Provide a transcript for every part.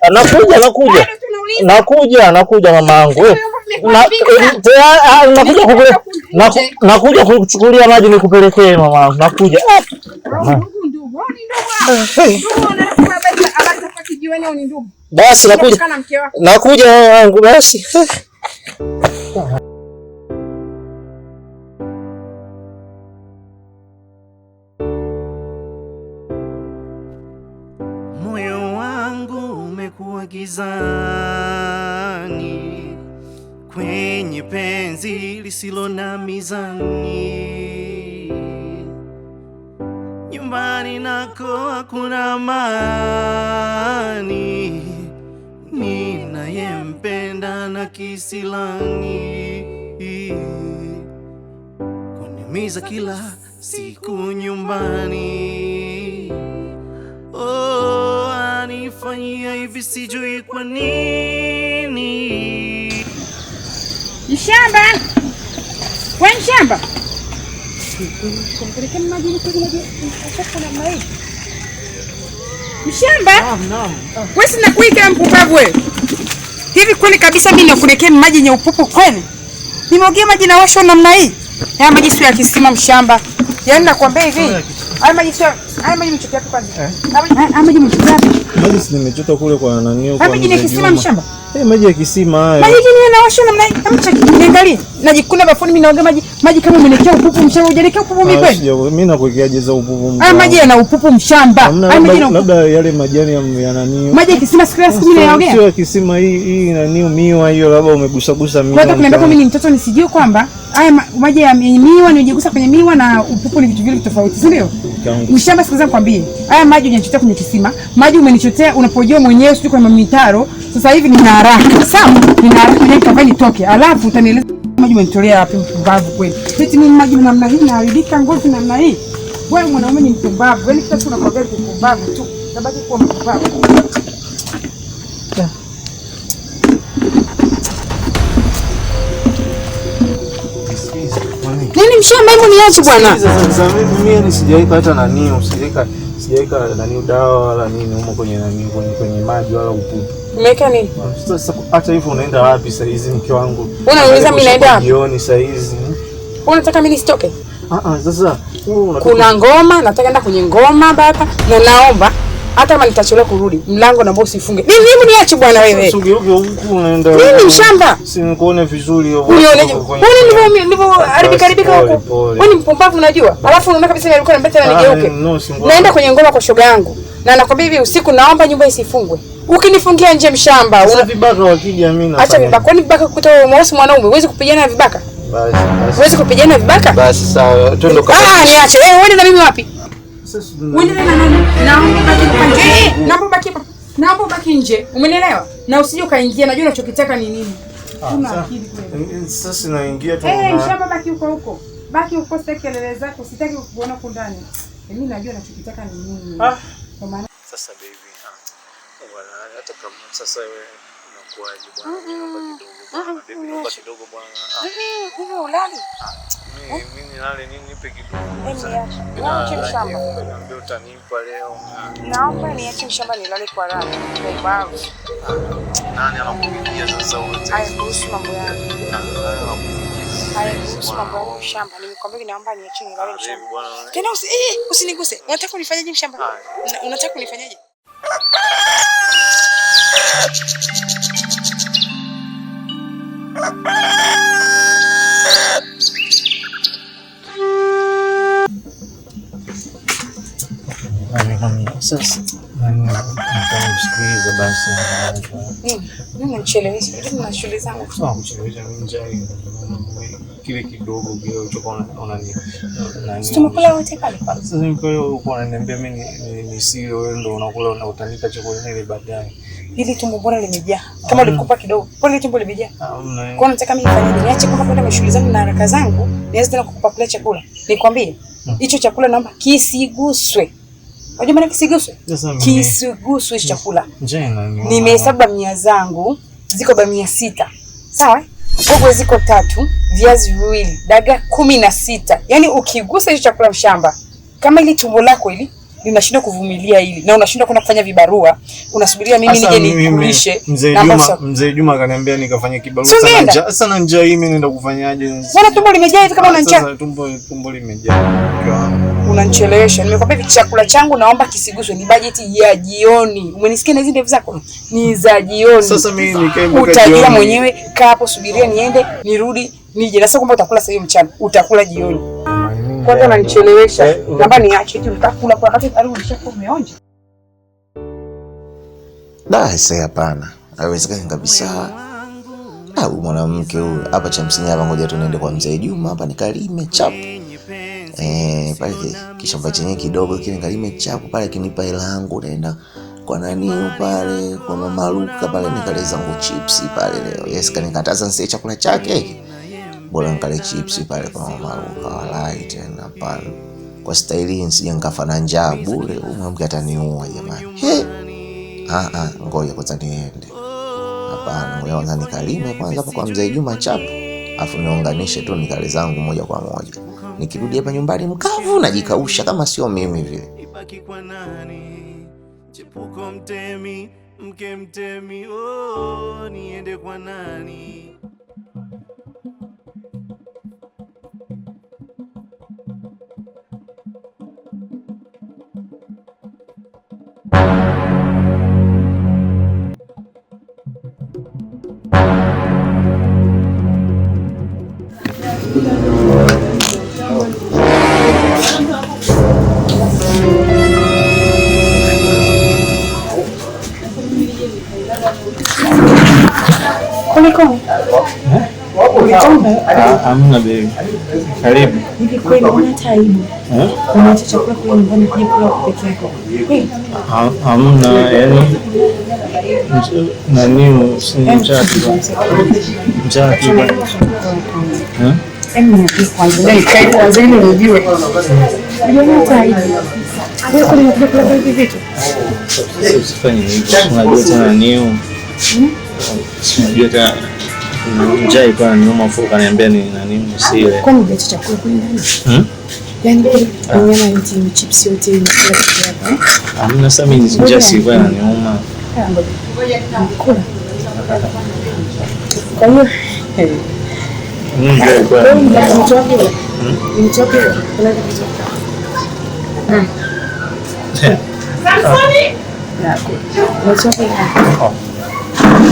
Ah, nakuja, nakuja, nakuja, nakuja mamaangu, eh, eh, ah, ah, nakuja kuchukulia maji nikupelekee mamaangu, nakuja basi, nakuja, nakuja mamaangu, basi. gizani, kwenye penzi lisilo na mizani. Nyumbani nako hakuna amani, ninayempenda na kisilani, kunimiza kila siku nyumbani unanifanyia hivi, sijui kwa nini. Mshamba we, mshamba mshamba we, sinakuita mpumbavu we. Hivi kweli kabisa mimi nakuletea maji nye upupu kweli? Nimeogea maji na washo namna hii? Haya maji sio ya kisima mshamba. Yaani nakwambia hivi. Haya maji sio Eh? nimechota kule kwa nani huko. Kisima mshamba. Hey, eh, maji ya kisima hayo. Maji gani yanawashwa namna amcha kiniangalia. Najikuna bafuni mimi naoga maji. Maji kama umenekea upupu mshamba hujalekea upupu mimi kweli. Ah, sio, Mimi nakuwekeaje jeza upupu mshamba? Ah, maji yana upupu mshamba. labda yale majani ya nani. Maji ya kisima siku ya siku mimi naoga. Ah, sio kisima hii hii nani miwa hiyo labda umegusa gusa miwa. Hata kuniambia mimi ni mtoto nisijue kwamba haya maji ya miwa ni ujigusa kwenye miwa na upupu ni vitu vile tofauti, si ndio? Mshamba siku zangu kwambie. Haya maji unanichotea kwenye kisima. Maji umenichotea unapojua mwenyewe sio kwa mitaro. Sasa hivi nina haraka. Sawa, nina haraka nje kafanya nitoke. Alafu utanieleza maji umenitolea wapi mpumbavu kweli. Eti mimi maji namna hii na haribika ngozi namna hii. Wewe mwanaume ni mpumbavu. Wewe yaani kila siku unakuwa mpumbavu tu. Tabaki kuwa mpumbavu. Nini mshamba hebu niache bwana. Mimi yaani sijaika hata nani, sijaika sijaika nani dawa wala nini huko kwenye nani kwenye maji wala upupu. Umeweka nini? Hata hivyo unaenda wapi saa hizi mke wangu? Unauliza mimi naenda wapi? Jioni saa hizi. Unataka mimi nisitoke? Ah ah, sasa kuna ngoma, nataka enda kwenye ngoma baba, na naomba hata kama nitachelewa kurudi, mlango naomba usifunge. Mimi mimi niache bwana wewe. Usifunge ovyo huku unaenda. Mimi mshamba. Simkuone vizuri ovyo. Unioneje? Wewe ni ndivyo haribika haribika huko. Wewe ni mpumbavu unajua. Alafu unaona kabisa nilikuwa na mbeta na nigeuke. Ah, naenda kwenye ngoma kwa shoga yangu na nakwambia hivi, usiku naomba nyumba isifungwe. Ukinifungia nje mshamba, una vibaka wakija mimi na. Acha vibaka. Kwani vibaka kukuta wewe mweusi mwanaume, huwezi kupigana na vibaka? Basi. Huwezi kupigana na vibaka? Basi sawa. Twende kwa. Ah, niache. Wewe eh, uende na mimi wapi? Sasa. na nani? Naomba baki kwa nje. Eh, naomba baki hapa. Naomba baki nje. Umenielewa? Na usije ukaingia. Najua unachokitaka ni nini. Ah, una akili kweli. Sasa naingia tu. Eh, mshamba baki huko huko. Baki ukose kelele zako. Sitaki kukuona huko ndani. Eh, mimi najua unachokitaka ni nini. Ah. Sasa baby, ah, oh, hata kama sasa wewe unakuaje bwana? Baby naomba kidogo bwana. Ah. Mimi ah, eh? nilale nini? Nipe kidogo. Eh, Niambia utanipa leo. Naomba niache mshamba nilale kwa raha. Nani anakupigia sasa wote? Ai, kuhusu mambo yangu. Kuhusu mambo yangu shamba, nimekwambia ninaomba niachie nigawe shamba. Tena eh, usiniguse. Unataka unifanyaje shamba? Unataka unifanyaje? Sasa basi. Mm, na zangu. Ah, Kile kidogo unaniambia mimi ni wewe ndio unakula chakula baadaye. Ili tumbo bora limejaa. Kama mm. kidogo, pole tumbo limejaa. Ah, kwa nataka mimi nifanye nini? Niache kwenda zangu na haraka zangu, tena kukupa chakula. Nikwambie, mm. hicho chakula naomba kisiguswe. Unajua maana kisiguswe? Kisiguswe hicho chakula. Nimehesabu bamia zangu ziko bamia sita. Sawa? Ngogwe ziko tatu, viazi viwili, dagaa kumi na sita. Yaani ukigusa hicho chakula mshamba, kama ili tumbo lako ili ninashindwa kuvumilia hili na unashindwa kwenda kufanya vibarua, unasubiria mimi nije nikulishe. Mzee Juma, mzee Juma akaniambia nikafanya kibarua sana. Sasa na njaa hii mimi naenda kufanyaje? Mbona tumbo limejaa hivi kama una ah, njaa? Sasa tumbo tumbo limejaa. Unanichelewesha. Nimekwambia hivi chakula changu naomba kisiguswe, ni bajeti ya jioni. Umenisikia na hizo ndevu zako? Ni za jioni. Sasa mimi nikae mpaka jioni. utajua mwenyewe, kaa hapo subiria niende, nirudi, nije. Na sasa kumbe utakula sasa hiyo mchana, utakula jioni. Kwanza unanichelewesha. Naomba eh, niache tu nitakula kwa wakati tayari ulishakuwa umeonja. Da, sasa hapana. Haiwezekani kabisa. Au mwanamke huyu hapa cha msingi hapa, ngoja tu niende kwa mzee Juma hapa nikalime chapu. Eh, pale kishamba chenye kidogo kile nikalime chapu pale kinipa hela yangu naenda kwa nani pale kwa mama Luka pale nikaleza ngo chipsi pale leo. Yes, kanikataza nsie chakula chake bora nkale chipsi pale kwa mama Ruka walai tena pale kwa staili hii, nsije nkafa na njaa bure. Mwanamke ataniua jamani. He, ah ah, ngoja kwanza niende. Hapana, ngoja kwanza nikalime kwanza kwa mzee Juma chapu, afu niunganishe tu nikale zangu moja kwa moja. Nikirudi hapa nyumbani mkavu najikausha kama sio mimi vile. Ibaki kwa nani? Chepuko mtemi mke mtemi, oh, niende kwa nani? Hamna bei. Karibu. Hivi Hamna, yaani nani sina njaa tu. Njaa tu. Unajua tena nini? Hmm? Unajua tena njai kwa ni kaniambia ni nani msile. Kwa hmm? yaani sasa mimi njaa si kwa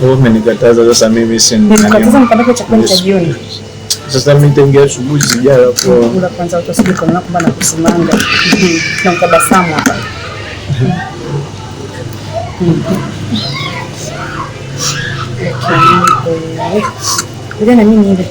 Wewe umenikataza sasa, mimi si nilikataza mkabaki jioni. Sasa mimi nitaingia asubuhi sijala kwa kula kwanza, utasubiri kwa mlango bana kusimanga na mtabasamu hapa. Ngoja na mimi niende.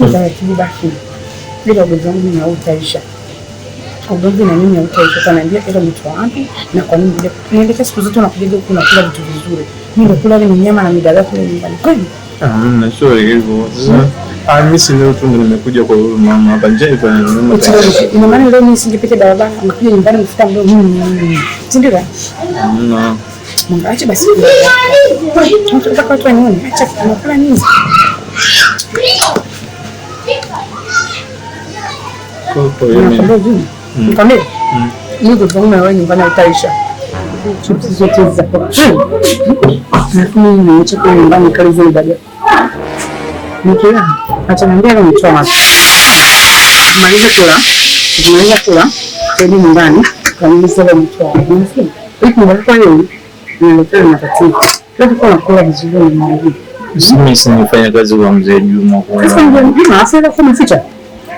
Ndio kidogo, bila ugonjwa wangu na utaisha ubavu na nini hautaishi. Sasa naambia kile mtu wapi na kwa nini vile nielekea siku zote unakuja huku unakula vitu vizuri, mimi nakula ni nyama na midagaa kule nyumbani kweli. Ah, mimi nashauri hivyo Ah, mimi si leo tu nimekuja kwa huyu mama hapa nje kwa mama. Ina maana leo mimi singepita barabara, nimekuja nyumbani mfuta mdomo mimi. Si ndio? Hamna. Mungu acha basi. Mtu ataka watu wanione, acha kunakula nini? Kwa hiyo mimi Nikamwambia mimi tutaona wewe nyumbani utaisha. Chips zote za kwa. Mimi nimeacha kwa nyumbani kali zile baada. Nikiwa ataniambia leo mtoa. Maliza kula. Maliza kula. Kwenda nyumbani kamaliza leo mtoa. Unasikia? Hiki ndio kwa leo. Nimeletwa na tatizo. Leo tuko nakula vizuri na mimi. Mimi sifanya kazi kwa mzee Juma kwa. Sasa ndio Juma, sasa leo kuna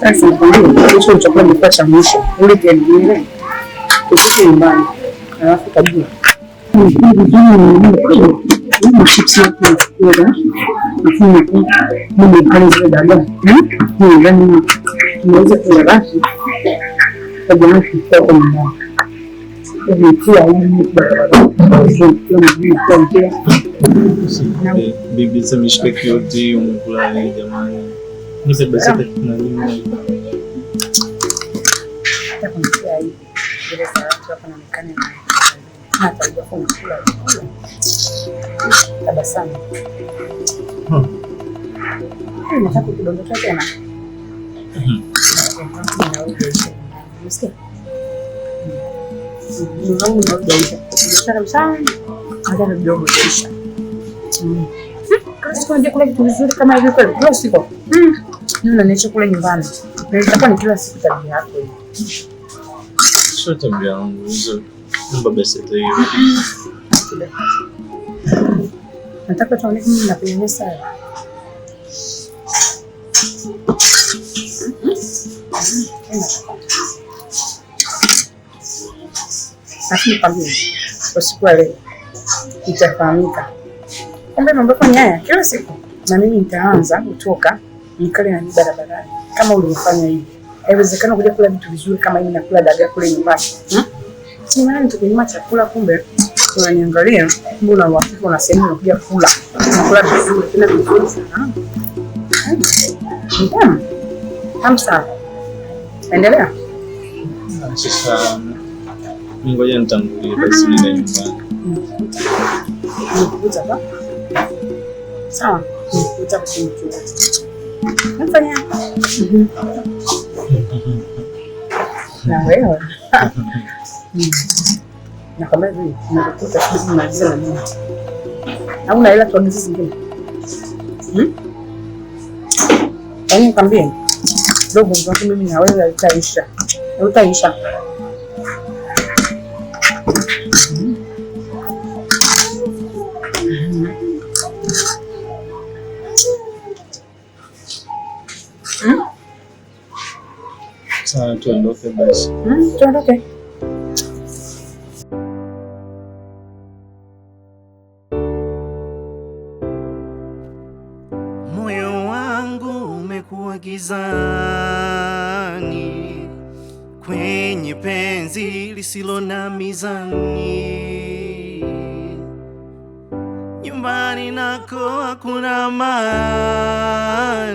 Sasa chakula kilikuwa cha mwisho, ule nyingine tufike nyumbani, alafu tajua Bibi, samishike kiote, umekula jamani tabasamu nataka kitu vizuri kama hivi kweli, siku unaniacha kule nyumbani. Nilikuwa ni kila siku tabia yako hiyo. Sio tabia yangu Naomba basi hiyo. Nataka tuone kama Lakini leo itafahamika kwamba kila siku, na mimi nitaanza kutoka nikale na barabarani kama ulivyofanya hivi. Haiwezekana kuja kula vitu vizuri kama hivi na kula dagaa kule nyumbani. Hmm? Si Simani tukunyuma chakula kumbe unaniangalia, kumbe una uhakika unasema unakuja kula. Nakula vizuri tena vizuri sana. Ndio. Hmm? Hamsa. Hmm. Endelea. Sasa ngoja nitangulie basi nile nyumbani. Nikukuta hapa. Sawa. Nikukuta kwa na wewe nakwambia hivi, nimekuta siku maliza na mimi hauna hela, tuagize zingine. Hmm? Yaani nikwambie, dogo, mimi na wewe haitaisha, haitaisha Sana, tuondoke basi. Hmm, tuondoke. Moyo wangu umekuwa gizani, kwenye penzi lisilo na mizani. Nyumbani nako hakuna amani